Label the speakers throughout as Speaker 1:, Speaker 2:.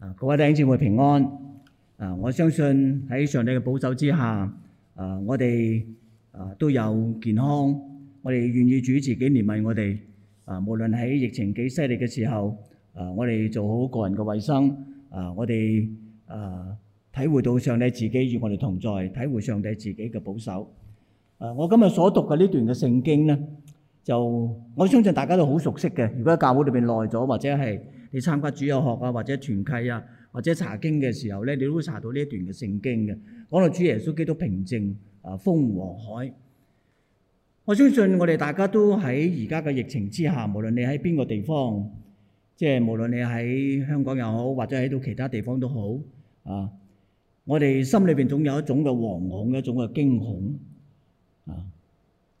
Speaker 1: 啊！各位弟兄姊妹平安！啊，我相信喺上帝嘅保守之下，啊，我哋啊都有健康。我哋願意主自己憐憫我哋。啊，無論喺疫情幾犀利嘅時候，啊，我哋做好個人嘅衞生。啊，我哋啊體會到上帝自己與我哋同在，體會上帝自己嘅保守。啊，我今日所讀嘅呢段嘅聖經咧，就我相信大家都好熟悉嘅。如果喺教會裏邊耐咗，或者係～你參加主日學啊，或者團契啊，或者查經嘅時候咧，你都會查到呢一段嘅聖經嘅，講到主耶穌基督平靜啊風和海。我相信我哋大家都喺而家嘅疫情之下，無論你喺邊個地方，即係無論你喺香港又好，或者喺到其他地方都好啊，我哋心裏邊總有一種嘅惶恐，一種嘅驚恐啊，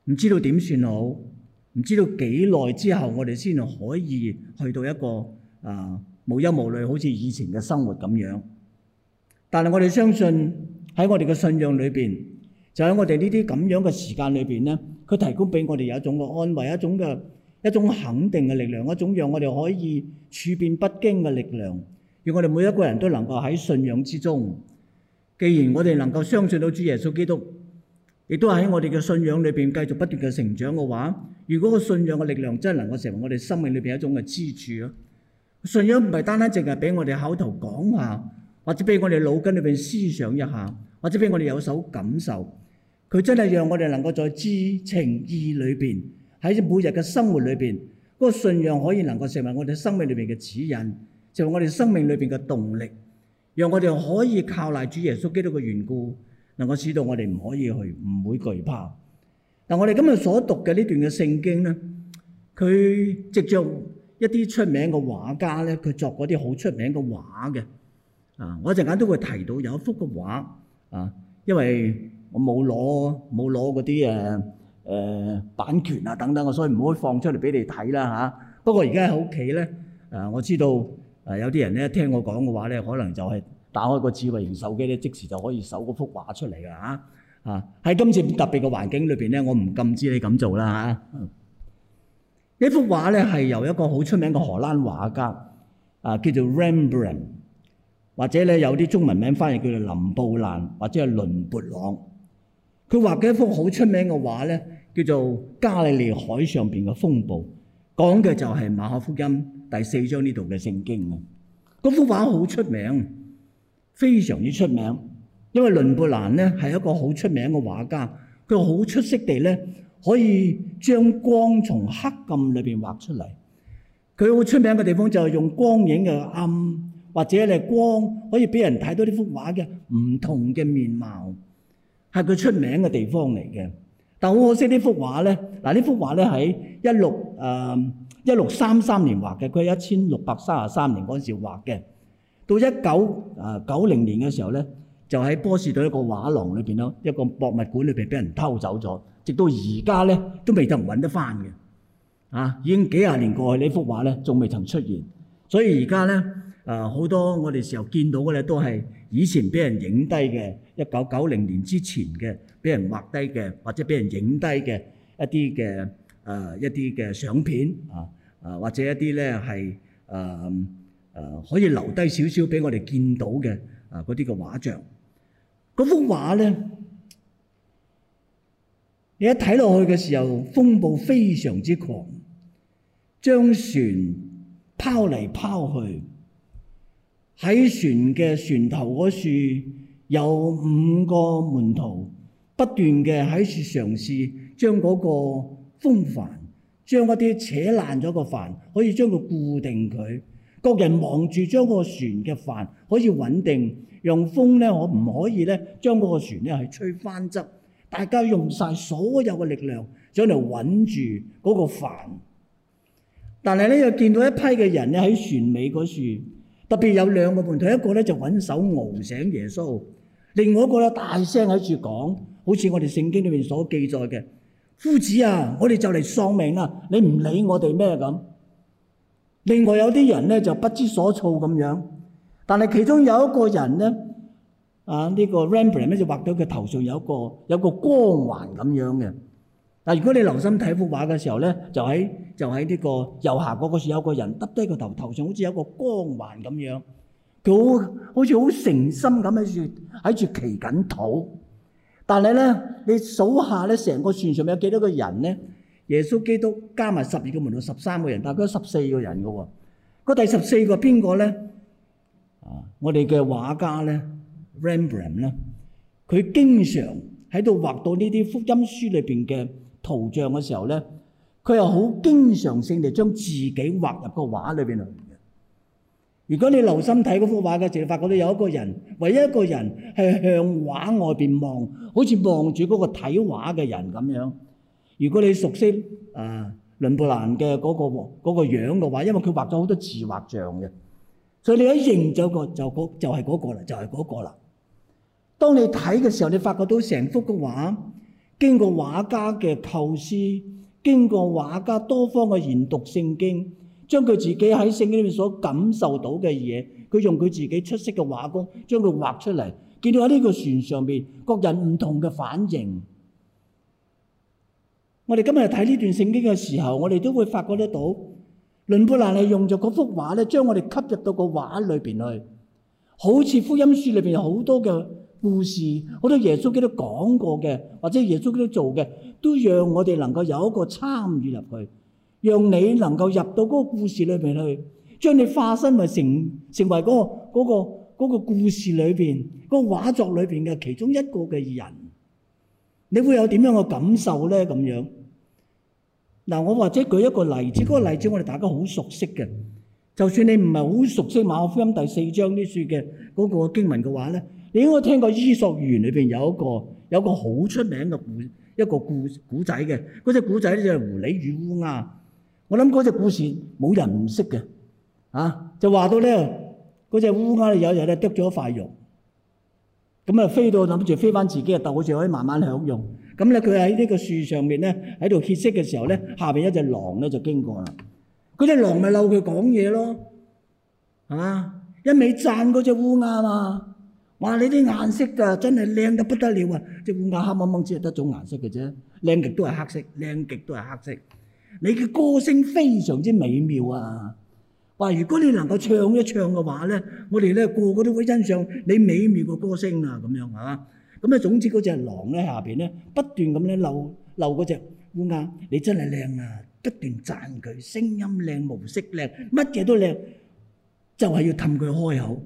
Speaker 1: 唔知道點算好，唔知道幾耐之後我哋先可以去到一個。啊！無憂無慮，好似以前嘅生活咁樣。但係我哋相信喺我哋嘅信仰裏邊，就喺我哋呢啲咁樣嘅時間裏邊咧，佢提供俾我哋有一種嘅安慰、一種嘅一種肯定嘅力量、一種讓我哋可以處變不驚嘅力量，讓我哋每一個人都能夠喺信仰之中。既然我哋能夠相信到主耶穌基督，亦都喺我哋嘅信仰裏邊繼續不斷嘅成長嘅話，如果個信仰嘅力量真係能夠成為我哋生命裏邊一種嘅支柱啊！信仰唔係單單淨係俾我哋口頭講下，或者俾我哋腦筋裏邊思想一下，或者俾我哋有所感受，佢真係讓我哋能夠在知情意裏邊，喺每日嘅生活裏邊，嗰個信仰可以能夠成為我哋生命裏邊嘅指引，成為我哋生命裏邊嘅動力，讓我哋可以靠賴主耶穌基督嘅緣故，能夠使到我哋唔可以去，唔會懼怕。但我哋今日所讀嘅呢段嘅聖經咧，佢藉着。一啲出名嘅畫家咧，佢作嗰啲好出名嘅畫嘅，啊，我一陣間都會提到有一幅嘅畫，啊，因為我冇攞冇攞嗰啲誒誒版權啊等等，我所以唔可以放出嚟俾你睇啦嚇。不過而家喺屋企咧，啊，我知道誒有啲人咧聽我講嘅話咧，可能就係打開個智慧型手機咧，即時就可以搜嗰幅畫出嚟㗎嚇啊！喺今次特別嘅環境裏邊咧，我唔禁止你咁做啦嚇。一幅畫咧係由一個好出名嘅荷蘭畫家啊，叫做 Rembrandt，或者咧有啲中文名翻譯叫做林布蘭或者係倫勃朗。佢畫嘅一幅好出名嘅畫咧，叫做《加利利海上邊嘅風暴》，講嘅就係馬可福音第四章呢度嘅聖經啊。嗰幅畫好出名，非常之出名，因為倫勃蘭咧係一個好出名嘅畫家，佢好出色地咧可以，將光從黑暗裏邊畫出嚟，佢好出名嘅地方就係用光影嘅暗，或者你光可以俾人睇到呢幅畫嘅唔同嘅面貌，係佢出名嘅地方嚟嘅。但好可惜幅畫呢幅畫咧、呃，嗱呢幅畫咧喺一六誒一六三三年畫嘅，佢係一千六百三十三年嗰陣時畫嘅。到一九誒九零年嘅時候咧，就喺波士頓一個畫廊裏邊咯，一個博物館裏邊俾人偷走咗。到而家咧都未能揾得翻嘅，啊，已經幾十年過去，呢幅畫咧仲未曾出現，所以而家咧，誒好多我哋時候見到嘅咧都係以前俾人影低嘅，一九九零年之前嘅，俾人畫低嘅，或者俾人影低嘅一啲嘅誒一啲嘅相片啊，誒或者一啲咧係誒誒可以留低少少俾我哋見到嘅啊嗰啲嘅畫像，嗰幅畫咧，你一睇落去嘅時候，風暴非常之狂，將船拋嚟拋去。喺船嘅船頭嗰處有五個門徒不斷嘅喺度嘗試將嗰個風帆，將一啲扯爛咗嘅帆可以將佢固定佢。各人望住將個船嘅帆可以穩定，讓風咧，我唔可以咧將嗰個船咧係吹翻側。大家用晒所有嘅力量，將嚟穩住嗰個帆。但係咧，又見到一批嘅人咧喺船尾嗰處，特別有兩個門徒，一個咧就揾手熬醒耶穌，另外一個咧大聲喺住講，好似我哋聖經裏面所記載嘅：「夫子啊，我哋就嚟喪命啦，你唔理我哋咩咁。另外有啲人咧就不知所措咁樣，但係其中有一個人咧。啊！呢個 Rembrandt 咧就畫到佢頭上有一個有一個光環咁樣嘅。但係如果你留心睇幅畫嘅時候咧，就喺就喺呢個右下角嗰處有個人耷低個頭，頭上好似有一個光環咁樣。佢好好似好誠心咁喺住喺住祈緊禱。但係咧，你數下咧，成個船上面有幾多個人咧？耶穌基督加埋十二個門徒，十三個人，大概十四個人㗎喎。嗰第十四個邊個咧？啊，我哋嘅畫家咧。Rembrandt 咧，佢經常喺度畫到呢啲福音書裏邊嘅圖像嘅時候咧，佢又好經常性地將自己畫入個畫裏邊啊。如果你留心睇嗰幅畫嘅時候，你發覺到有一個人，唯一一個人係向畫外邊望，好似望住嗰個睇畫嘅人咁樣。如果你熟悉啊倫布蘭嘅嗰個嗰、嗰個、樣嘅話，因為佢畫咗好多自畫像嘅，所以你一認咗個就就係嗰個啦，就係嗰個啦。當你睇嘅時候，你發覺到成幅嘅畫，經過畫家嘅構思，經過畫家多方嘅研讀聖經，將佢自己喺聖經裏面所感受到嘅嘢，佢用佢自己出色嘅畫工將佢畫出嚟，見到喺呢個船上面各人唔同嘅反應。我哋今日睇呢段聖經嘅時候，我哋都會發覺得到倫勃蘭係用咗嗰幅畫咧，將我哋吸入到個畫裏邊去，好似福音書裏邊好多嘅。故事。好多耶穌基督講過嘅，或者耶穌基督做嘅，都讓我哋能夠有一個參與入去，讓你能夠入到嗰個故事裏面去，將你化身為成成為嗰個嗰個嗰個故事裏邊、那個畫作裏面嘅其中一個嘅人，你會有點樣嘅感受咧？咁樣嗱，我或者舉一個例子，嗰個例子我哋大家好熟悉嘅，就算你唔係好熟悉馬可福音第四章啲書嘅嗰個經文嘅話咧。你應該聽過伊索寓言裏邊有一個有一個好出名嘅故一個故故仔嘅嗰隻故仔咧，就係狐狸與烏鴉。我諗嗰隻故事冇人唔識嘅啊！就話到咧，嗰隻烏鴉有日咧啄咗一塊肉，咁啊飛到諗住飛翻自己嘅竇，好似可以慢慢享用。咁咧佢喺呢個樹上面咧喺度歇息嘅時候咧，下邊一隻狼咧就經過啦。嗰隻狼咪嬲佢講嘢咯，係嘛？一味讚嗰隻烏鴉嘛～我話你啲顏色啊，真係靚到不得了啊！烏喊喊隻烏鴉黑掹掹，只係得種顏色嘅啫，靚極都係黑色，靚極都係黑色。你嘅歌聲非常之美妙啊！話如果你能夠唱一唱嘅話咧，我哋咧個個都會欣賞你美妙嘅歌聲啊！咁樣嚇、啊，咁咧總之嗰隻狼咧下邊咧不斷咁咧遛遛嗰隻烏鴉，你真係靚啊！不斷讚佢聲音靚、模式靚，乜嘢都靚，就係、是、要氹佢開口。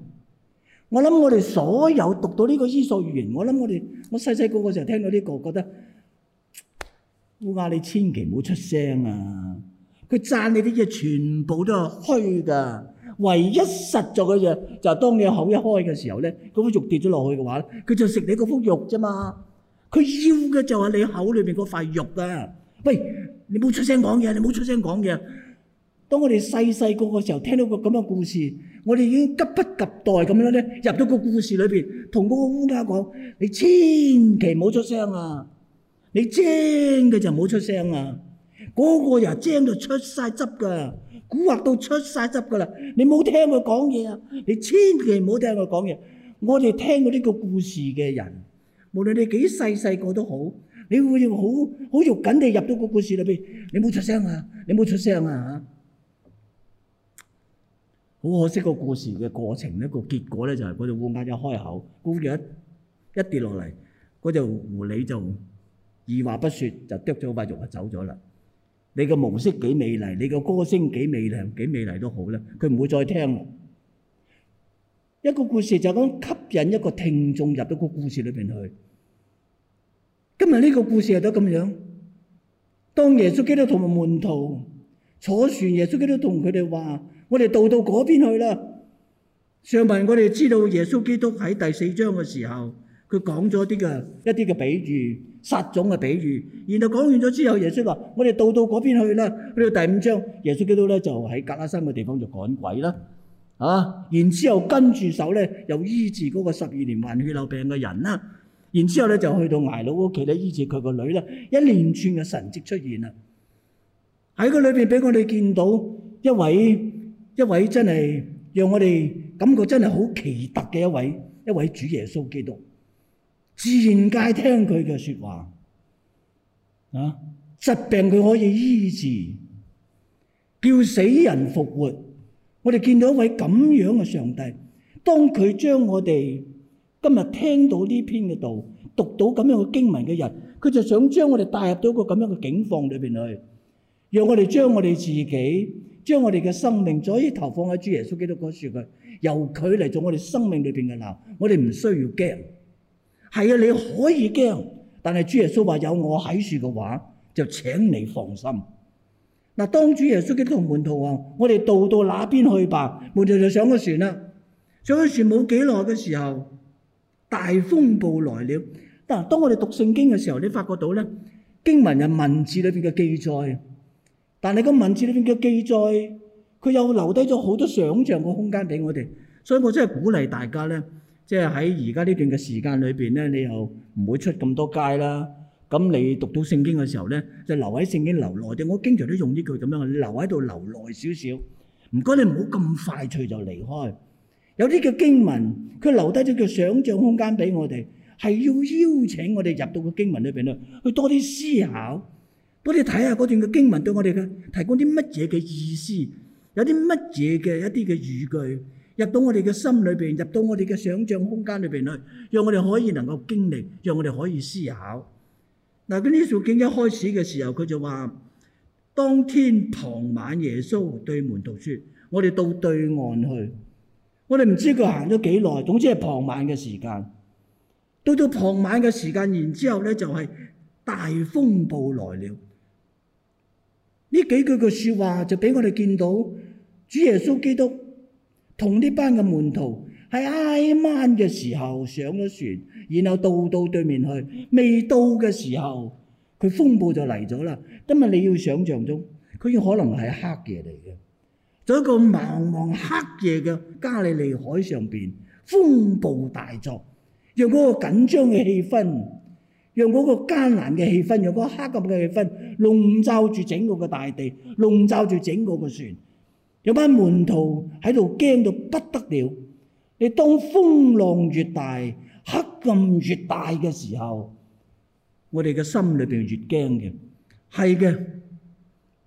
Speaker 1: 我諗我哋所有讀到呢個伊索寓言，我諗我哋我細細個嗰時候聽到呢、這個，覺得烏鴉、呃、你千祈唔好出聲啊！佢讚你啲嘢全部都係虛㗎，唯一實在嘅嘢就係、是就是、當你口一開嘅時候咧，嗰塊肉跌咗落去嘅話咧，佢就食你嗰塊肉啫嘛。佢要嘅就係你口裏面嗰塊肉啊！喂，你唔好出聲講嘢，你唔好出聲講嘢。當我哋細細個嗰時候聽到個咁嘅故事。我哋已經急不及待咁樣咧，入咗個故事裏面，同嗰個烏鴉講：你千祈唔好出聲啊！你精嘅就唔好出聲啊！嗰、那個人精到出晒汁噶，古惑到出晒汁噶啦！你唔好聽佢講嘢啊！你千祈唔好聽佢講嘢。我哋聽過呢個故事嘅人，無論你幾細細個都好，你會要好好肉緊地入到個故事裏面。你唔好出聲啊！你唔好出聲啊！嚇～好可惜個故事嘅過程咧，個結果咧就係嗰隻烏鴉一開口，咕咗一一跌落嚟，嗰隻狐狸就二話不說就啄咗塊肉就走咗啦。你個模式幾美麗，你個歌聲幾美麗，幾美麗都好啦，佢唔會再聽。一個故事就係講吸引一個聽眾入到個故事裏邊去。今日呢個故事亦都咁樣，當耶穌基督同埋門徒坐船，耶穌基督同佢哋話。我哋到到嗰邊去啦。上文我哋知道耶穌基督喺第四章嘅時候，佢講咗啲嘅一啲嘅比喻，撒種嘅比喻。然後講完咗之後，耶穌話：我哋到到嗰邊去啦。去到第五章，耶穌基督咧就喺格拉山嘅地方就趕鬼啦。啊，然之後跟住手咧又醫治嗰個十二年患血漏病嘅人啦。然之後咧就去到睚魯屋企咧醫治佢個女啦。一連串嘅神蹟出現啦。喺個裏邊俾我哋見到一位。一位真係讓我哋感覺真係好奇特嘅一位，一位主耶穌基督，自然界聽佢嘅說話啊，疾病佢可以醫治，叫死人復活。我哋見到一位咁樣嘅上帝，當佢將我哋今日聽到呢篇嘅道，讀到咁樣嘅經文嘅人，佢就想將我哋帶入到一個咁樣嘅境況裏邊去，讓我哋將我哋自己。將我哋嘅生命再以投放喺主耶穌基督嗰度嘅，由佢嚟做我哋生命裏邊嘅牢，我哋唔需要驚。係啊，你可以驚，但係主耶穌話有我喺度嘅話，就請你放心。嗱，當主耶穌基督同門徒話，我哋到到那邊去吧？門徒就上咗船啦。上咗船冇幾耐嘅時候，大風暴來了。嗱，當我哋讀聖經嘅時候，你發覺到咧，經文嘅文字裏邊嘅記載。但係個文字裏邊嘅記載，佢又留低咗好多想像嘅空間俾我哋，所以我真係鼓勵大家咧，即係喺而家呢段嘅時間裏邊咧，你又唔會出咁多街啦。咁你讀到聖經嘅時候咧，就留喺聖經留耐啲。我經常都用呢句咁樣，你留喺度留耐少少，唔該你唔好咁快脆就離開。有啲嘅經文，佢留低咗叫想像空間俾我哋，係要邀請我哋入到個經文裏邊咧，去多啲思考。我哋睇下嗰段嘅經文對我哋嘅提供啲乜嘢嘅意思，有啲乜嘢嘅一啲嘅語句入到我哋嘅心裏邊，入到我哋嘅想像空間裏邊去，讓我哋可以能夠經歷，讓我哋可以思考。嗱，嗰啲事件一開始嘅時候，佢就話：當天傍晚，耶穌對門徒説：我哋到對岸去。我哋唔知佢行咗幾耐，總之係傍晚嘅時間。到到傍晚嘅時間，然之後咧就係大風暴來了。呢幾句嘅說話就俾我哋見到主耶穌基督同呢班嘅門徒喺挨晚嘅時候上咗船，然後到到對面去，未到嘅時候佢風暴就嚟咗啦。今日你要想象中，佢可能係黑夜嚟嘅，就一個茫茫黑夜嘅加利利海上邊，風暴大作，讓嗰個緊張嘅氣氛，讓嗰個艱難嘅氣氛，讓嗰個黑暗嘅氣氛籠罩住整個嘅大地，籠罩住整個嘅船。有班門徒喺度驚到不得了。你當風浪越大，黑暗越大嘅時候，我哋嘅心裏邊越驚嘅。係嘅，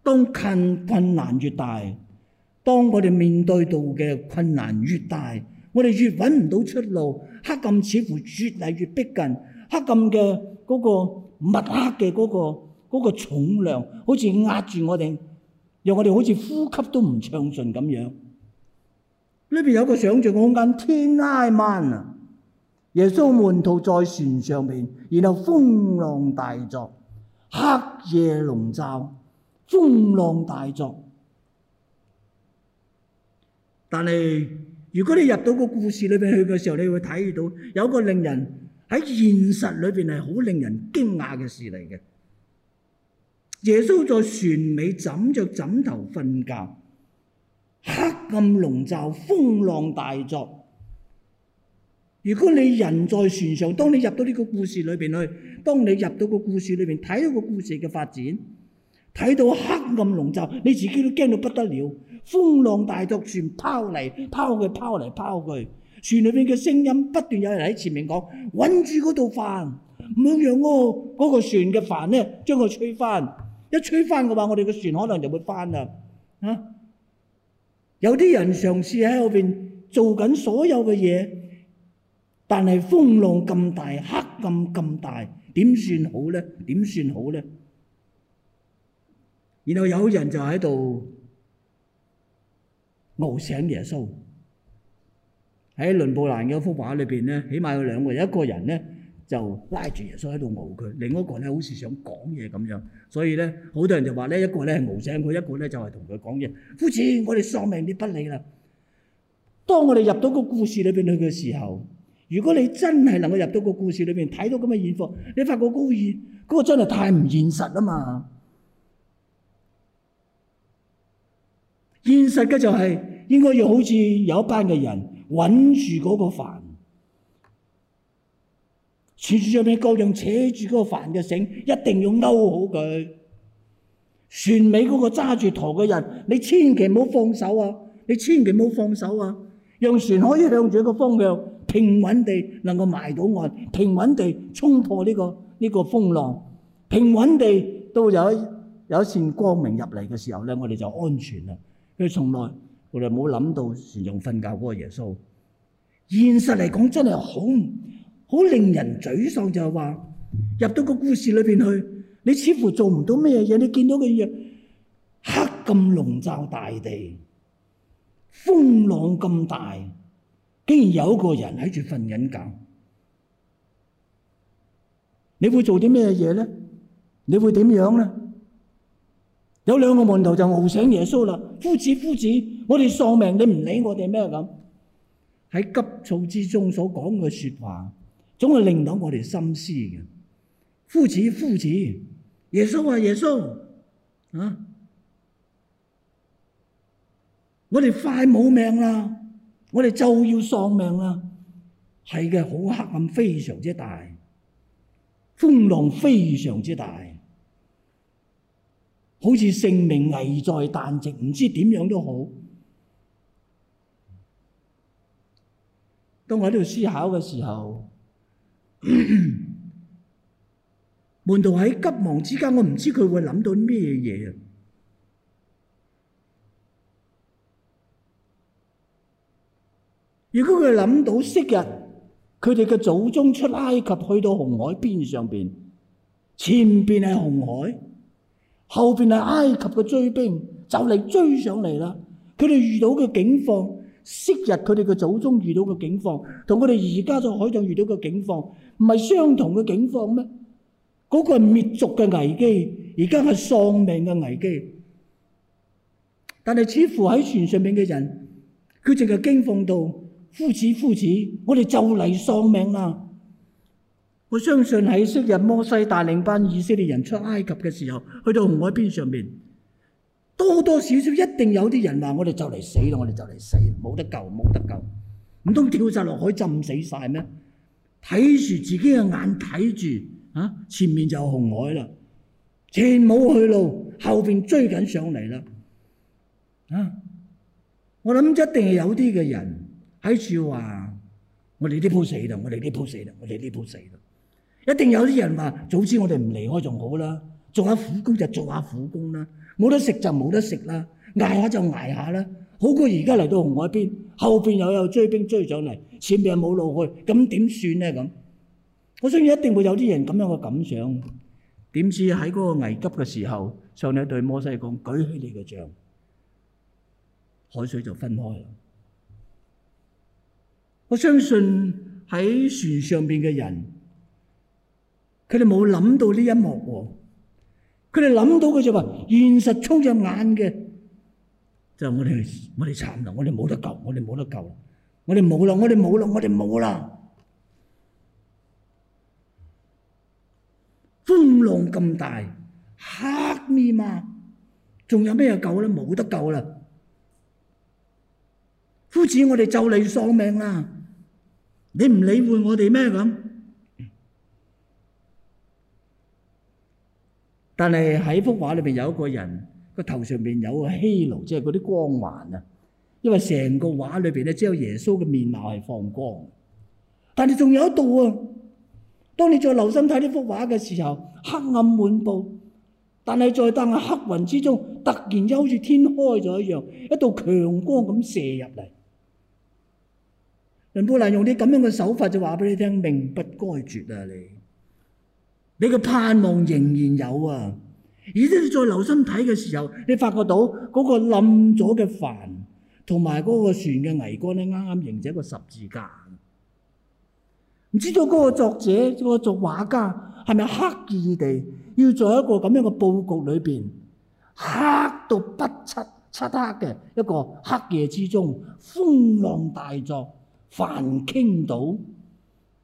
Speaker 1: 當困困難越大，當我哋面對到嘅困難越大，我哋越揾唔到出路，黑暗似乎越嚟越逼近，黑暗嘅。嗰、那個密黑嘅嗰、那個嗰、那個、重量，好似壓住我哋，讓我哋好似呼吸都唔暢順咁樣。呢邊有個個想像嘅空間，天鷖灣啊，耶穌門徒在船上面，然後風浪大作，黑夜籠罩，風浪大作。但係如果你入到個故事裏面去嘅時候，你會睇到有個個令人～喺現實裏面係好令人驚訝嘅事嚟嘅。耶穌在船尾枕着枕頭瞓覺，黑暗籠罩，風浪大作。如果你人在船上，當你入到呢個故事裏面去，當你入到個故事裏面睇到個故事嘅發展，睇到黑暗籠罩，你自己都驚到不得了。風浪大作，船拋嚟拋去、拋嚟拋去。船裏面嘅聲音不斷，有人喺前面講，穩住嗰度帆，唔好讓嗰個嗰個船嘅帆咧將佢吹翻。一吹翻嘅話，我哋嘅船可能就會翻啦。啊，有啲人嘗試喺後邊做緊所有嘅嘢，但係風浪咁大，黑暗咁大，點算好咧？點算好咧？然後有人就喺度嗌醒耶穌。喺倫布蘭嘅一幅畫裏邊咧，起碼有兩個人，一個人咧就拉住耶穌喺度熬佢，另一個咧好似想講嘢咁樣。所以咧，好多人就話咧，一個咧係熬醒佢，一個咧就係同佢講嘢。夫子，我哋喪命啲不理啦。當我哋入到個故事裏邊去嘅時候，如果你真係能夠入到個故事裏邊睇到咁嘅現況，你發覺嗰個、嗰個真係太唔現實啊嘛！現實嘅就係、是、應該要好似有一班嘅人。穩住嗰個帆，船上面各樣扯住嗰個帆嘅繩，一定要勾好佢。船尾嗰個揸住舵嘅人，你千祈唔好放手啊！你千祈唔好放手啊！讓船可以向住一個方向，平穩地能夠埋到岸，平穩地衝破呢個呢個風浪，平穩地都有一有一線光明入嚟嘅時候咧，我哋就安全啦。佢從來。我哋唔好諗到船長瞓覺嗰個耶穌。現實嚟講真係好，好令人沮喪。就係話入到個故事裏邊去，你似乎做唔到咩嘢。你見到嘅嘢黑咁籠罩大地，風浪咁大，竟然有一個人喺住瞓緊覺你。你會做啲咩嘢咧？你會點樣咧？有兩個門徒就嘈醒耶穌啦，夫子，夫子。我哋喪命，你唔理我哋咩咁？喺急躁之中所講嘅說話，總係令到我哋深思嘅。夫子，夫子，耶穌啊，耶穌啊！我哋快冇命啦，我哋就要喪命啦。係嘅，好黑暗，非常之大，風浪非常之大，好似性命危在旦夕，唔知點樣都好。當我喺度思考嘅時候，門咳咳徒喺急忙之間，我唔知佢會諗到咩嘢啊！如果佢諗到昔日，佢哋嘅祖宗出埃及去到紅海邊上邊，前邊係紅海，後邊係埃及嘅追兵就嚟追上嚟啦！佢哋遇到嘅境況。昔日佢哋嘅祖宗遇到嘅境況同我哋而家在海上遇到嘅境況唔係相同嘅境況咩？嗰個係滅族嘅危機，而家係喪命嘅危機。但係似乎喺船上面嘅人，佢淨係驚恐到，夫子夫子，我哋就嚟喪命啦！我相信喺昔日摩西帶領班以色列人出埃及嘅時候，去到紅海邊上面。多多少少一定有啲人話：我哋就嚟死啦！我哋就嚟死啦，冇得救，冇得救。唔通跳晒落海，浸死晒咩？睇住自己嘅眼，睇住啊，前面就紅海啦，前冇去路，後邊追緊上嚟啦。啊！我諗一定有啲嘅人喺處話：我哋呢鋪死啦！我哋呢鋪死啦！我哋呢鋪死啦！一定有啲人話：早知我哋唔離開仲好啦，做下苦工就做下苦工啦。冇得食就冇得食啦，捱下就捱下啦，好過而家嚟到紅海邊，後邊又有追兵追上嚟，前面又冇路去，咁點算咧？咁，我相信一定會有啲人咁樣嘅感想。點知喺嗰個危急嘅時候，上帝對摩西講：舉起你嘅杖，海水就分開啦。我相信喺船上邊嘅人，佢哋冇諗到呢一幕喎。佢哋諗到佢就話現實衝入眼嘅，就我哋我哋慘啦！我哋冇得救，我哋冇得救，我哋冇啦！我哋冇啦！我哋冇啦！風浪咁大，黑咪嘛、啊，仲有咩救咧？冇得救啦！夫子，我哋就嚟喪命啦！你唔理會我哋咩咁？但係喺幅畫裏邊有一個人個頭上邊有個稀露，即係嗰啲光環啊！因為成個畫裏邊咧只有耶穌嘅面貌係放光。但係仲有一度啊！當你再留心睇呢幅畫嘅時候，黑暗滿布，但係再但下，黑雲之中，突然就好似天開咗一樣，一道強光咁射入嚟。林布蘭用啲咁樣嘅手法就話俾你聽命不該絕啊！你。你嘅盼望仍然有啊！而且你再留心睇嘅時候，你發覺到嗰個冧咗嘅帆同埋嗰個船嘅桅杆咧，啱啱形成一個十字架。唔知道嗰個作者、嗰個作畫家係咪刻意地要做一個咁樣嘅佈局裏邊，黑到不測、漆黑嘅一個黑夜之中，風浪大作，帆傾倒。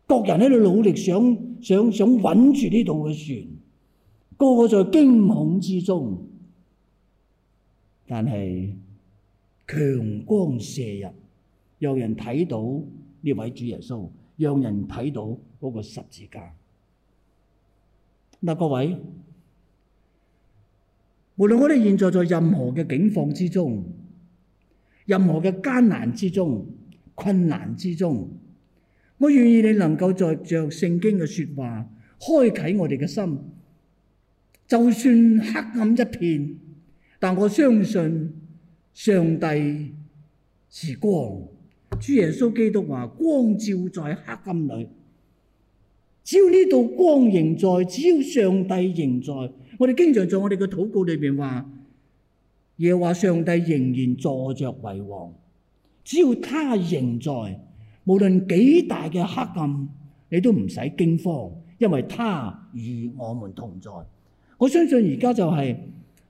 Speaker 1: 各人喺度努力想，想想想揾住呢度嘅船，個個在驚恐之中。但係，強光射入，讓人睇到呢位主耶穌，讓人睇到嗰個十字架。嗱，各位，無論我哋現在在任何嘅境況之中，任何嘅艱難之中、困難之中。我願意你能夠在着，着聖經嘅說話，開啟我哋嘅心。就算黑暗一片，但我相信上帝是光。主耶穌基督話：光照在黑暗裏，只要呢道光仍在，只要上帝仍在，我哋經常在我哋嘅禱告裏邊話：耶和華上帝仍然坐著為王，只要他仍在。無論幾大嘅黑暗，你都唔使驚慌，因為他與我們同在。我相信而家就係、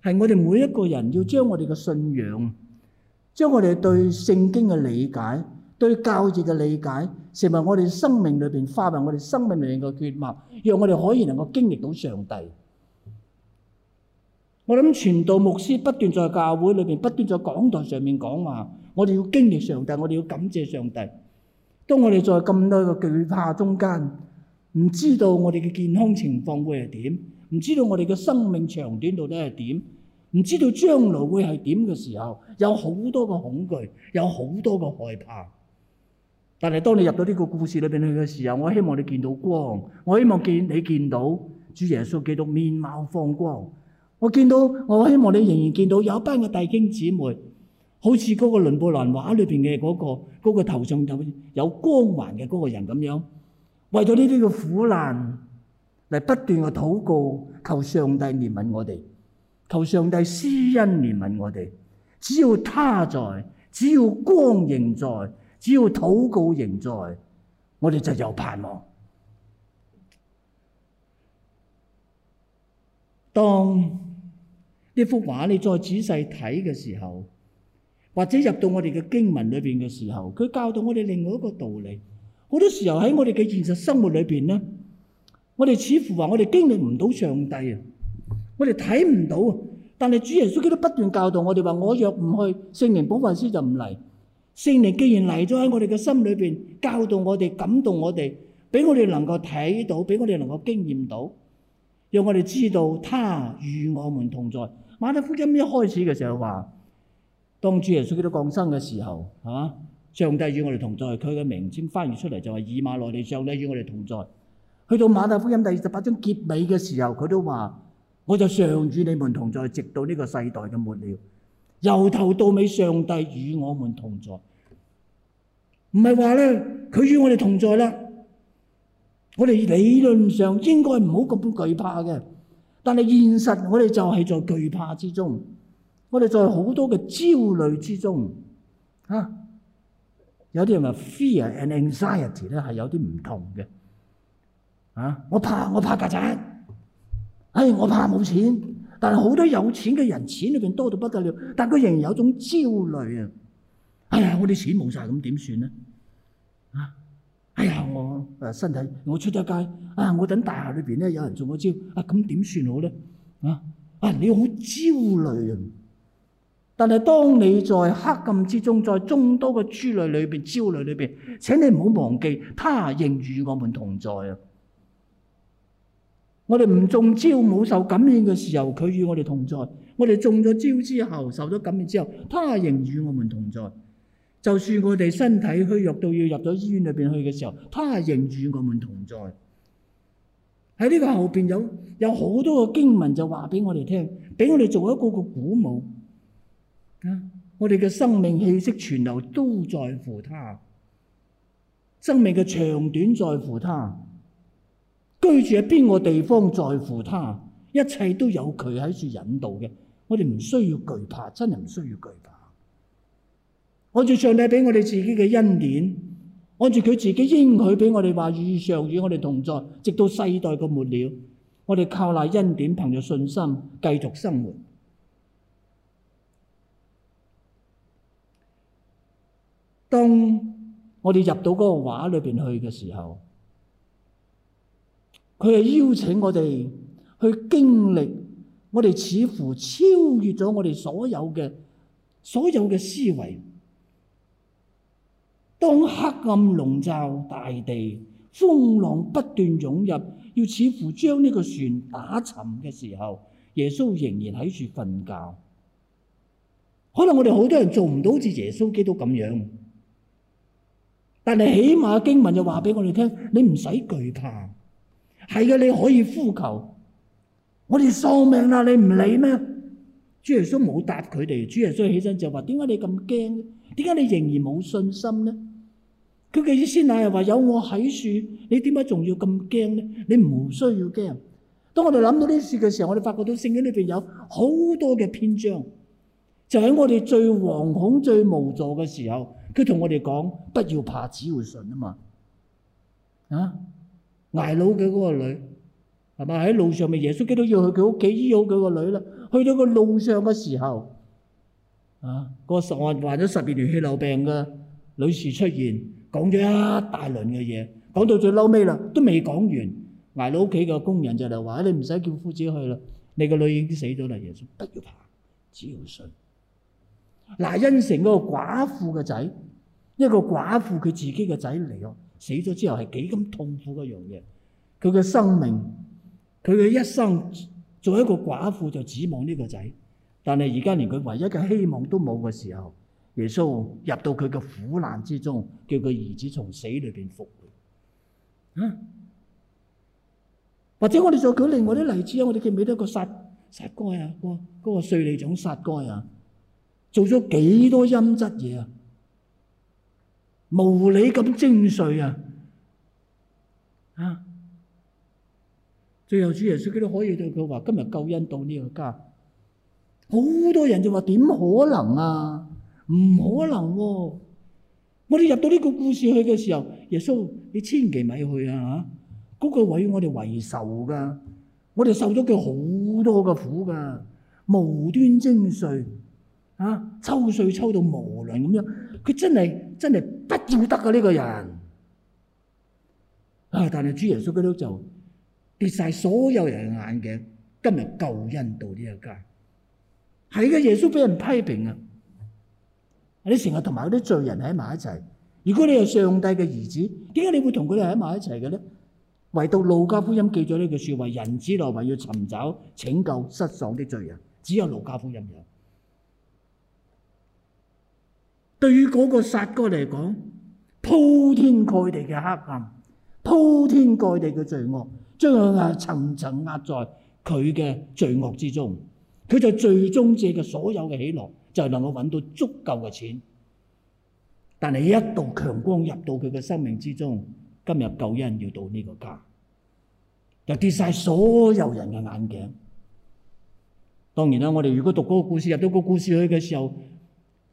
Speaker 1: 是、係我哋每一個人要將我哋嘅信仰、將我哋對聖經嘅理解、對教義嘅理解，成為我哋生命裏邊，化為我哋生命裏面嘅血脈，讓我哋可以能夠經歷到上帝。我諗傳道牧師不斷在教會裏邊、不斷在講台上面講話，我哋要經歷上帝，我哋要感謝上帝。當我哋在咁多嘅懼怕中間，唔知道我哋嘅健康情況會係點，唔知道我哋嘅生命長短到底係點，唔知道將來會係點嘅時候，有好多嘅恐懼，有好多嘅害怕。但係當你入到呢個故事裏邊去嘅時候，我希望你見到光，我希望見你見到主耶穌基督面貌放光。我見到，我希望你仍然見到有一班嘅弟兄姊妹。好似嗰個倫勃朗畫裏邊嘅嗰個嗰個頭上有光環嘅嗰個人咁樣，為咗呢啲嘅苦難嚟不斷嘅禱告，求上帝憐憫我哋，求上帝施恩憐憫我哋。只要他在，只要光仍在，只要禱告仍在，我哋就有盼望。當呢幅畫你再仔細睇嘅時候，或者入到我哋嘅經文裏邊嘅時候，佢教導我哋另外一個道理。好多時候喺我哋嘅現實生活裏邊咧，我哋似乎話我哋經歷唔到上帝啊，我哋睇唔到。但係主耶穌基督都不斷教導我哋話：我若唔去，聖靈保惠師就唔嚟。聖靈既然嚟咗喺我哋嘅心裏邊，教導我哋、感動我哋，俾我哋能夠睇到，俾我哋能夠經驗到，讓我哋知道他與我們同在。馬太福音一開始嘅時候話，當主耶穌喺度降生嘅時候，嚇、啊、上帝與我哋同在，佢嘅名稱翻譯出嚟就係以馬內利。上帝與我哋同在。去到馬太福音第二十八章結尾嘅時候，佢都話：我就常與你們同在，直到呢個世代嘅末了。由頭到尾，上帝與我們同在。唔係話咧，佢與我哋同在啦。我哋理論上應該唔好咁樣懼怕嘅，但係現實我哋就係在懼怕之中。我哋在好多嘅焦慮之中，嚇、啊、有啲人話 fear and anxiety 咧係有啲唔同嘅，啊，我怕我怕曱甴，唉，我怕冇、哎、錢，但係好多有錢嘅人錢裏邊多到不得了，但佢仍然有種焦慮啊，哎呀，我啲錢冇晒，咁點算咧？啊，哎呀，我誒身體，我出咗街，啊，我等大廈裏邊咧有人中咗招，啊，咁點算好咧？啊，啊，你好焦慮啊！但係，當你在黑暗之中，在眾多嘅豬類裏邊、焦慮裏邊，請你唔好忘記，他仍與我們同在啊！我哋唔中招、冇受感染嘅時候，佢與我哋同在；我哋中咗招之後、受咗感染之後，他仍與我們同在。就算我哋身體虛弱到要入咗醫院裏邊去嘅時候，他仍與我們同在。喺呢個後邊有有好多個經文就話俾我哋聽，俾我哋做一個個鼓舞。啊、我哋嘅生命氣息存留都在乎他，生命嘅長短在乎他，居住喺邊個地方在乎他，一切都有佢喺處引導嘅。我哋唔需要懼怕，真係唔需要懼怕。按住上帝俾我哋自己嘅恩典，按住佢自己應許俾我哋話與上與我哋同在，直到世代嘅末了，我哋靠賴恩典，憑着信心繼續生活。當我哋入到嗰個畫裏邊去嘅時候，佢係邀請我哋去經歷，我哋似乎超越咗我哋所有嘅所有嘅思維。當黑暗籠罩大地，風浪不斷湧入，要似乎將呢個船打沉嘅時候，耶穌仍然喺處瞓覺。可能我哋好多人做唔到，好似耶穌基督咁樣。
Speaker 2: 但係起碼
Speaker 1: 經文就話俾我哋聽，你唔使懼怕，係嘅，你可以呼求。我哋喪命啦，你唔理咩？主耶穌冇答佢哋，主耶穌起身就話：點解你咁驚？點解你仍然冇信心呢？佢記住先啊，係話有我喺處，你點解仲要咁驚呢？你唔需要驚。當我哋諗到呢事嘅時候，我哋發覺到聖經裏邊有好多嘅篇章，就喺我哋最惶恐、最無助嘅時候。佢同我哋講：不要怕，只要信啊嘛！啊，挨老嘅嗰個女，係嘛喺路上面，耶穌基督要去佢屋企醫好佢個女啦。去到個路上嘅時候，啊，個十患患咗十二年血漏病嘅女士出現，講咗一大輪嘅嘢，講到最嬲尾啦，都未講完。挨老屋企嘅工人就嚟話：你唔使叫夫子去啦，你個女已經死咗啦。耶穌，不要怕，只要信。拿因城嗰個寡婦嘅仔，一個寡婦佢自己嘅仔嚟咯，死咗之後係幾咁痛苦嘅樣嘢。佢嘅生命，佢嘅一生，做一個寡婦就指望呢個仔，但係而家連佢唯一嘅希望都冇嘅時候，耶穌入到佢嘅苦難之中，叫佢兒子從死裏邊復活。嗯，或者我哋就舉另外啲例子啊，我哋記唔記得個撒撒該啊，哇，嗰個稅吏長撒該啊。做咗幾多陰質嘢啊？無理咁徵稅啊！啊！最後主耶穌佢都可以對佢話：今日救恩到呢個家，好多人就話點可能啊？唔可能喎、啊！我哋入到呢個故事去嘅時候，耶穌，你千祈咪去啊！嗰、嗰個位我哋為仇㗎，我哋受咗佢好多嘅苦㗎，無端徵稅。啊！抽稅抽到無 limit 咁樣，佢真係真係不要得啊。呢、這個人。啊！但係主耶穌喺度就跌晒所有人嘅眼鏡，今日救恩到呢一家。係嘅，耶穌俾人批評啊！你成日同埋嗰啲罪人喺埋一齊。如果你係上帝嘅兒子，點解你會同佢哋喺埋一齊嘅咧？唯獨路加福音記咗呢句説話：人子來為要尋找拯救失喪啲罪人，只有路加福音有。對於嗰個殺哥嚟講，鋪天蓋地嘅黑暗，鋪天蓋地嘅罪惡，將佢啊層層壓在佢嘅罪惡之中。佢就最終借嘅所有嘅喜樂，就係能夠搵到足夠嘅錢。但係一道強光入到佢嘅生命之中，今日救恩要到呢個家，就跌晒所有人嘅眼鏡。當然啦，我哋如果讀嗰個故事，入到個故事去嘅時候。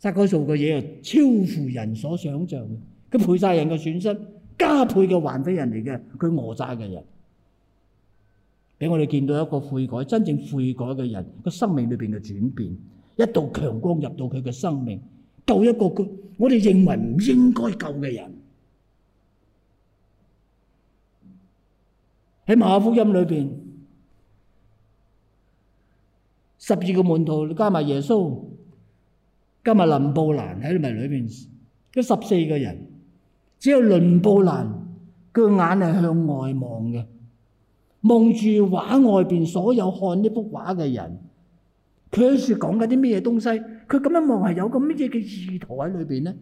Speaker 1: 撒該做嘅嘢超乎人所想象嘅，咁賠晒人嘅損失，加倍嘅還俾人哋嘅，佢訛詐嘅人，俾我哋見到一個悔改，真正悔改嘅人，個生命裏邊嘅轉變，一道強光入到佢嘅生命，救一個佢，我哋認為唔應該救嘅人，喺馬可福音裏邊，十二個門徒加埋耶穌。今日林布蘭喺埋裏邊，嗰十四個人，只有林布蘭個眼係向外望嘅，望住畫外邊所有看呢幅畫嘅人。佢喺度講緊啲咩嘢東西？佢咁樣望係有個乜嘢嘅意圖喺裏邊呢？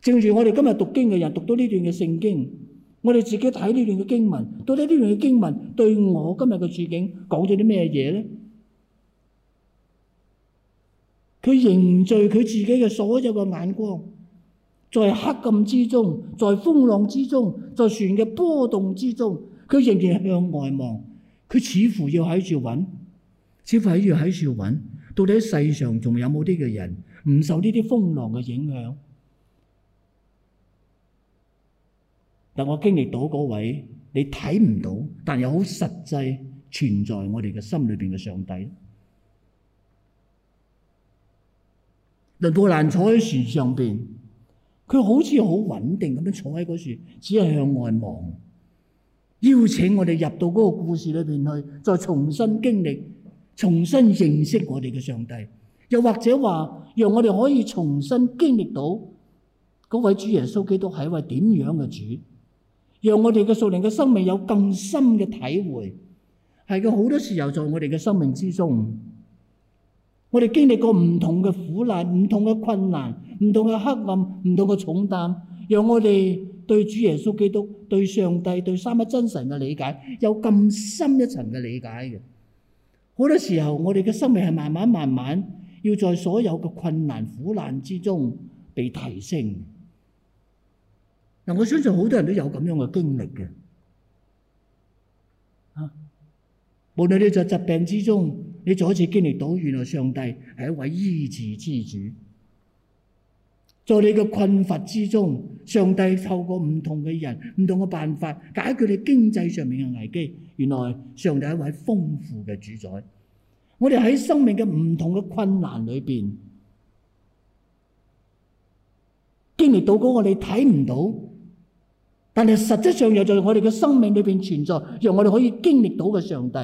Speaker 1: 正如我哋今日讀經嘅人讀到呢段嘅聖經，我哋自己睇呢段嘅經文，到底呢段嘅經文對我今日嘅處境講咗啲咩嘢呢？佢凝聚佢自己嘅所有嘅眼光，在黑暗之中，在風浪之中，在船嘅波動之中，佢仍然向外望。佢似乎要喺處揾，似乎喺處喺處揾。到底喺世上仲有冇啲嘅人唔受呢啲風浪嘅影響？但我經歷到嗰位，你睇唔到，但又好實際存在我哋嘅心裏邊嘅上帝。倫布蘭坐喺船上邊，佢好似好穩定咁樣坐喺嗰船，只係向外望，邀請我哋入到嗰個故事裏邊去，再重新經歷、重新認識我哋嘅上帝。又或者話，讓我哋可以重新經歷到嗰位主耶穌基督係一位點樣嘅主，讓我哋嘅屬靈嘅生命有更深嘅體會。係佢好多時候在我哋嘅生命之中。我哋經歷過唔同嘅苦難、唔同嘅困難、唔同嘅黑暗、唔同嘅重擔，讓我哋對主耶穌基督、對上帝、對三一真神嘅理解有咁深一層嘅理解嘅。好多時候，我哋嘅生命係慢慢、慢慢，要在所有嘅困難、苦難之中被提升。嗱，我相信好多人都有咁樣嘅經歷嘅。啊，無論你在疾病之中。你再一次經歷到，原來上帝係一位醫治之主，在你嘅困乏之中，上帝透過唔同嘅人、唔同嘅辦法解決你經濟上面嘅危機。原來上帝係一位豐富嘅主宰。我哋喺生命嘅唔同嘅困難裏邊，經歷到嗰個你睇唔到，但係實質上又在我哋嘅生命裏邊存在，讓我哋可以經歷到嘅上帝。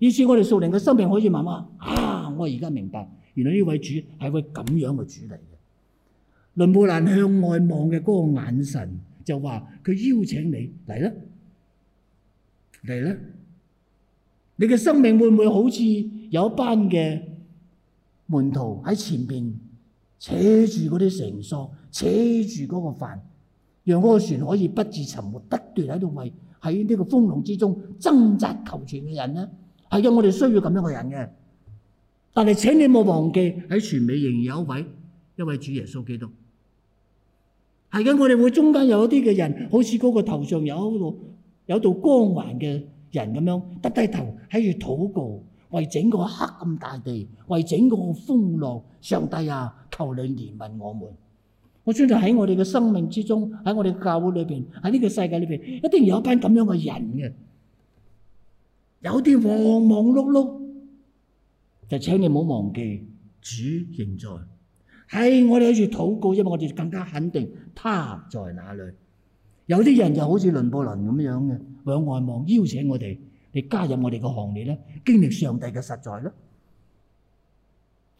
Speaker 1: 於是，我哋數年嘅生命可以慢慢啊，啊！我而家明白，原來呢位主係個咁樣嘅主嚟嘅。倫布蘭向外望嘅嗰個眼神就話：佢邀請你嚟啦，嚟啦。你嘅生命會唔會好似有一班嘅門徒喺前邊扯住嗰啲繩索，扯住嗰個帆，讓嗰個船可以不自沉沒，不斷喺度為喺呢個風浪之中掙扎求存嘅人呢？係嘅，我哋需要咁樣嘅人嘅。但係，請你冇忘記喺全美仍然有一位一位主耶穌基督。係嘅，我哋會中間有一啲嘅人，好似嗰個頭上有一道有一道光環嘅人咁樣，耷低頭喺住禱告，為整個黑暗大地，為整個風浪，上帝啊，求你憐憫我們。我相信喺我哋嘅生命之中，喺我哋教會裏邊，喺呢個世界裏邊，一定有一班咁樣嘅人嘅。有啲忙忙碌碌，就請你唔好忘記主仍在。係、哎、我哋喺住禱告，因為我哋更加肯定他在哪裏。有啲人就好似倫布倫咁樣嘅往外望，邀請我哋，你加入我哋嘅行列咧，經歷上帝嘅實在咧。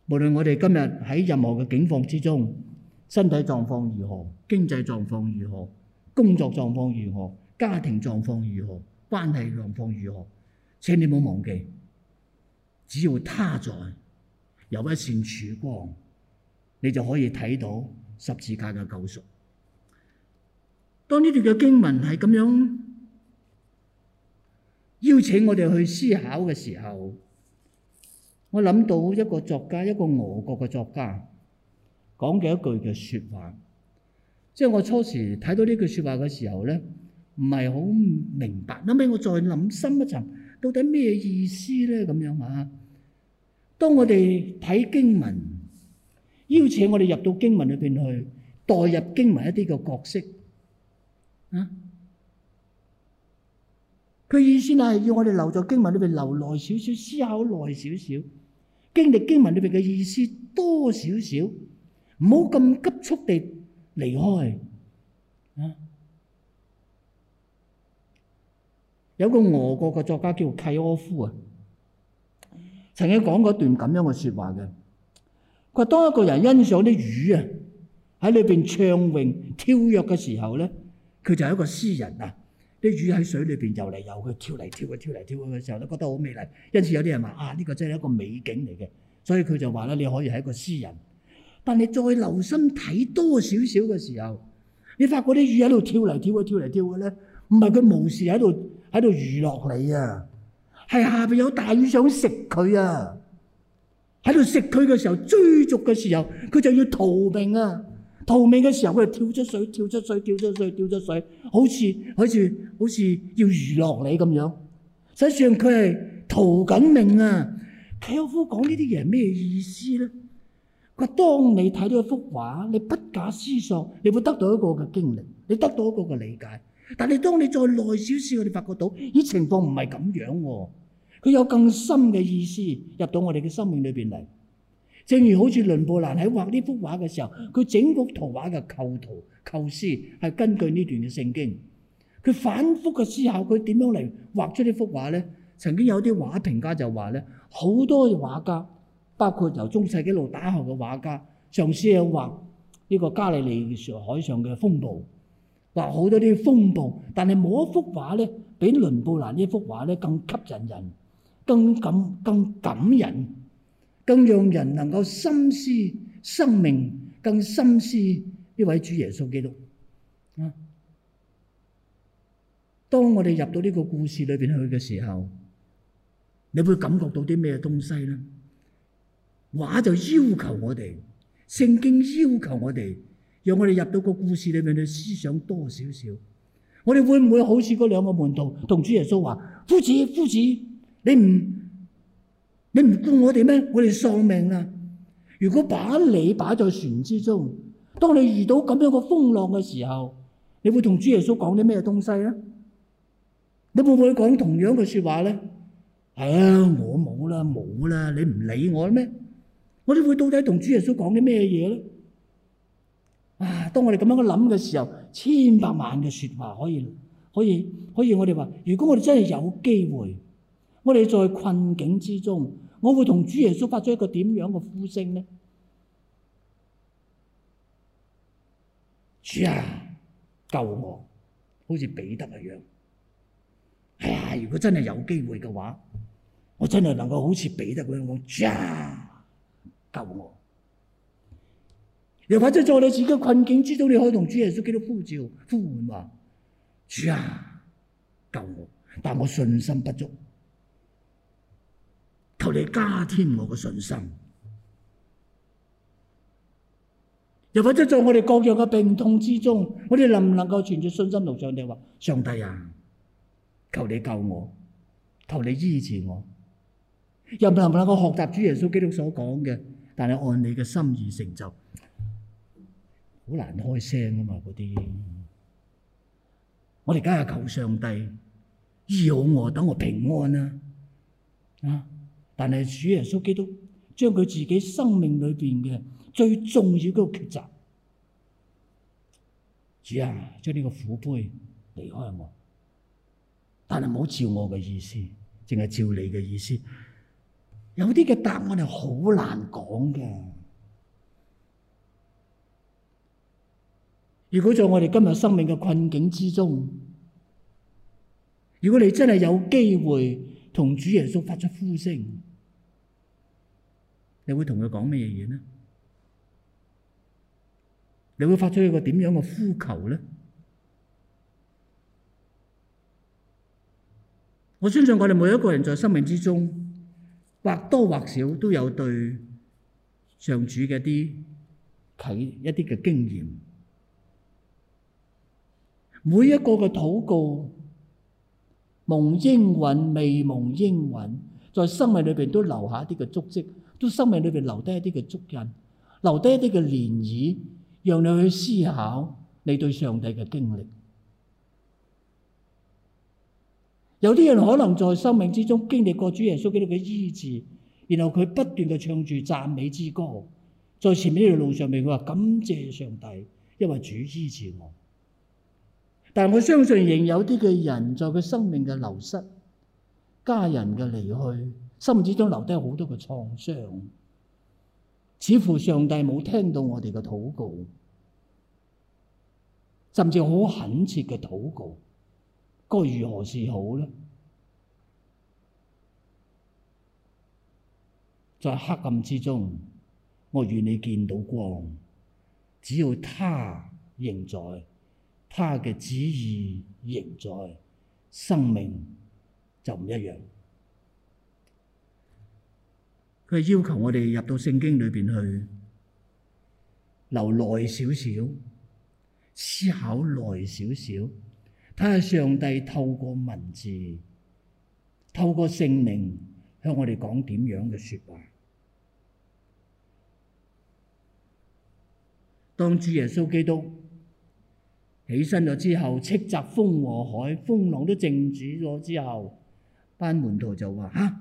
Speaker 1: 無論我哋今日喺任何嘅境況之中，身體狀況如何，經濟狀況如何，工作狀況如何，家庭狀況如何，關係狀況如何。請你唔好忘記，只要他在，有一線曙光，你就可以睇到十字架嘅救贖。當呢段嘅經文係咁樣邀請我哋去思考嘅時候，我諗到一個作家，一個俄國嘅作家講嘅一句嘅說話。即係我初時睇到呢句說話嘅時候咧，唔係好明白，後尾我再諗深一層。到底咩意思咧？咁樣啊！當我哋睇經文，邀請我哋入到經文裏邊去，代入經文一啲嘅角色啊！佢意思係要我哋留在經文裏邊，留耐少少，思考耐少少，經歷經文裏邊嘅意思多少少，唔好咁急速地離開啊！有一個俄國嘅作家叫契訶夫啊，曾經講過段咁樣嘅說話嘅。佢話當一個人欣賞啲魚啊喺裏邊暢泳、跳躍嘅時候咧，佢就係一個詩人啊。啲魚喺水裏邊游嚟游去、跳嚟跳去、跳嚟跳去嘅時候都覺得好美麗，因此有啲人話啊，呢個真係一個美景嚟嘅。所以佢就話咧，你可以係一個詩人，但你再留心睇多少少嘅時候，你發覺啲魚喺度跳嚟跳去、跳嚟跳去咧，唔係佢無事喺度。喺度娛樂你啊！係下邊有大魚想食佢啊！喺度食佢嘅時候，追逐嘅時候，佢就要逃命啊！逃命嘅時候，佢就跳出水，跳出水，跳出水，跳出水，好似好似好似要娛樂你咁樣。實際上佢係逃緊命啊！契訶夫講呢啲嘢係咩意思咧？佢當你睇到一幅畫，你不假思索，你會得到一個嘅經歷，你得到一個嘅理解。但係，當你再耐少少，我哋發覺到呢情況唔係咁樣喎，佢有更深嘅意思入到我哋嘅生命裏面嚟。正如好似倫布蘭喺畫呢幅畫嘅時候，佢整幅圖畫嘅構圖構思係根據呢段嘅聖經。佢反覆嘅思考，佢點樣嚟畫出呢幅畫咧？曾經有啲畫評家就話咧，好多嘅畫家，包括由中世紀路打後嘅畫家，嘗試去畫呢個加利利海上嘅風暴。畫好多啲風暴，但係冇一幅畫咧，比倫布蘭呢幅畫咧更吸引人，更感、更感人，更讓人能夠深思生命，更深思呢位主耶穌基督。啊、嗯！當我哋入到呢個故事裏邊去嘅時候，你會感覺到啲咩東西咧？畫就要求我哋，聖經要求我哋。讓我哋入到個故事裏面嘅思想多少少，我哋會唔會好似嗰兩個門徒同主耶穌話：夫子，夫子，你唔你唔顧我哋咩？我哋喪命啊！如果把你擺在船之中，當你遇到咁樣個風浪嘅時候，你會同主耶穌講啲咩東西呢？你會唔會講同樣嘅說話咧？係啊，我冇啦，冇啦，你唔理我咩？我哋會到底同主耶穌講啲咩嘢咧？啊！當我哋咁樣去諗嘅時候，千百萬嘅説話可以，可以，可以，我哋話：如果我哋真係有機會，我哋在困境之中，我會同主耶穌發出一個點樣嘅呼聲呢？主啊，救我！好似彼得一樣。哎呀！如果真係有機會嘅話，我真係能夠好似彼得咁樣講，主啊，救我！又或者在你自己的困境之中，你可以同主耶穌基督呼召呼喚話：主啊，救我！但我信心不足，求你加添我嘅信心。又或者在我哋各樣嘅病痛之中，我哋能唔能夠存住信心，路上你話上帝啊，求你救我，求你醫治我。又能唔能夠學習主耶穌基督所講嘅？但係按你嘅心意成就。好難開聲啊嘛！嗰啲，我哋梗係求上帝要我等我平安啦，啊，啊！但係主耶穌基督將佢自己生命裏邊嘅最重要嗰個抉擇，主啊，將呢個苦杯離開我，但係唔好照我嘅意思，淨係照你嘅意思。有啲嘅答案係好難講嘅。如果在我哋今日生命嘅困境之中，如果你真係有機會同主耶穌發出呼聲，你會同佢講乜嘢呢？你會發出一個點樣嘅呼求呢？我相信我哋每一個人在生命之中，或多或少都有對上主嘅一啲啟一啲嘅經驗。每一個嘅禱告，蒙應允未蒙應允，在生命裏邊都留下一啲嘅足迹，都生命裏邊留低一啲嘅足印，留低一啲嘅漣漪，讓你去思考你對上帝嘅經歷。有啲人可能在生命之中經歷過主耶穌基督嘅醫治，然後佢不斷嘅唱住讚美之歌，在前面呢條路上面，佢話感謝上帝，因為主醫治我。但我相信，仍有啲嘅人在佢生命嘅流失、家人嘅離去、心之中留低好多嘅創傷，似乎上帝冇聽到我哋嘅禱告，甚至好懇切嘅禱告，該如何是好呢？在黑暗之中，我願你見到光，只要祂仍在。他嘅旨意仍在，生命就唔一樣。佢要求我哋入到聖經裏邊去，留耐少少，思考耐少少，睇下上帝透過文字、透過聖靈向我哋講點樣嘅說話。當主耶穌基督。起身咗之後，斥責風和海，風浪都靜止咗之後，班門徒就話：吓、啊，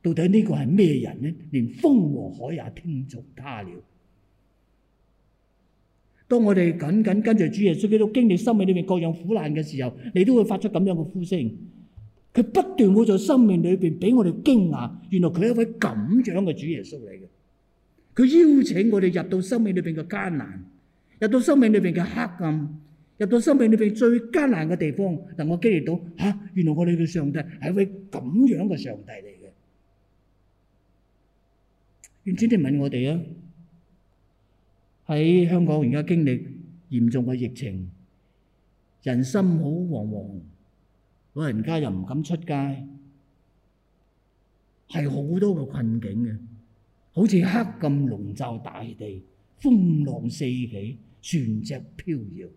Speaker 1: 到底呢個係咩人呢？連風和海也聽從他了。當我哋緊緊跟住主耶穌，基督經歷生命裏邊各樣苦難嘅時候，你都會發出咁樣嘅呼聲。佢不斷會在生命裏邊俾我哋驚訝，原來佢係一位咁樣嘅主耶穌嚟嘅。佢邀請我哋入到生命裏邊嘅艱難，入到生命裏邊嘅黑暗。入到生命裏邊最艱難嘅地方，令我經歷到吓，原來我哋嘅上帝係一位咁樣嘅上帝嚟嘅。點知你問我哋啊？喺香港而家經歷嚴重嘅疫情，人心好惶惶，老人家又唔敢出街，係好多個困境嘅，好似黑暗籠罩大地，風浪四起，船隻飄搖。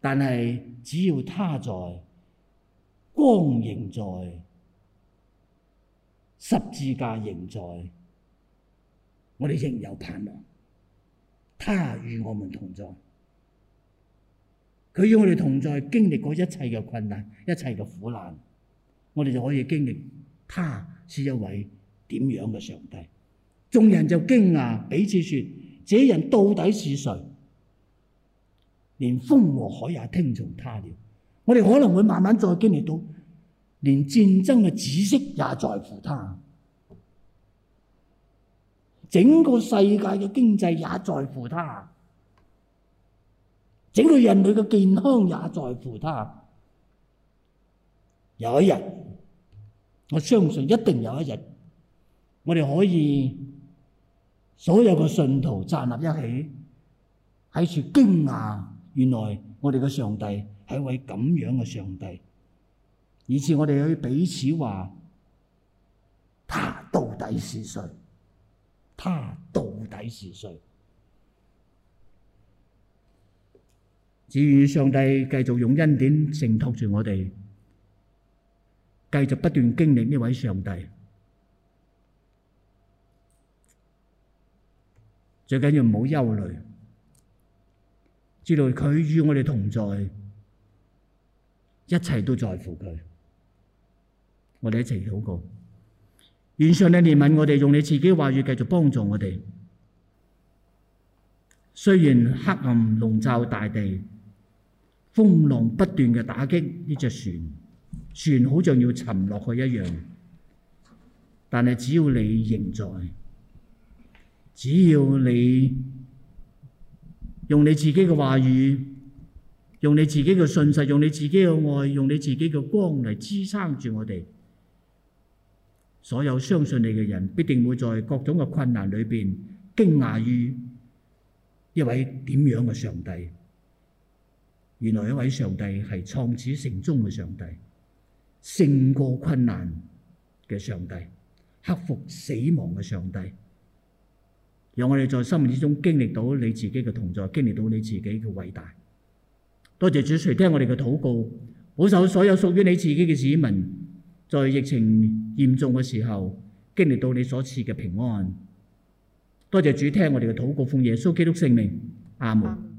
Speaker 1: 但係，只要他在，光仍在，十字架仍在，我哋仍有盼望。他與我們同在，佢與我哋同在，經歷過一切嘅困難、一切嘅苦難，我哋就可以經歷他是一位點樣嘅上帝。眾人就驚訝，彼此說：「這人到底是誰？」連風和海也聽從他了。我哋可能會慢慢再經歷到，連戰爭嘅止息也在乎他，整個世界嘅經濟也在乎他，整個人類嘅健康也在乎他。有一日，我相信一定有一日，我哋可以所有嘅信徒站立一起喺處驚訝。原來我哋嘅上帝係一位咁樣嘅上帝，以至我哋去彼此話：他到底是誰？他到底是誰？至於上帝繼續用恩典承托住我哋，繼續不斷經歷呢位上帝，最緊要唔好憂慮。知道佢與我哋同在，一切都在乎佢。我哋一齊禱告，願上帝憐憫我哋，用你自己話語繼續幫助我哋。雖然黑暗籠罩大地，風浪不斷嘅打擊呢隻船，船好像要沉落去一樣，但係只要你仍在，只要你用你自己嘅話語，用你自己嘅信實，用你自己嘅愛，用你自己嘅光嚟支撐住我哋。所有相信你嘅人必定會在各種嘅困難裏面驚訝於一位點樣嘅上帝。原來一位上帝係創始成終嘅上帝，勝過困難嘅上帝，克服死亡嘅上帝。讓我哋在生命之中經歷到你自己嘅同在，經歷到你自己嘅偉大。多謝主垂聽我哋嘅禱告，保守所有屬於你自己嘅子民，在疫情嚴重嘅時候，經歷到你所賜嘅平安。多謝主聽我哋嘅禱告，奉耶穌基督聖名，阿門。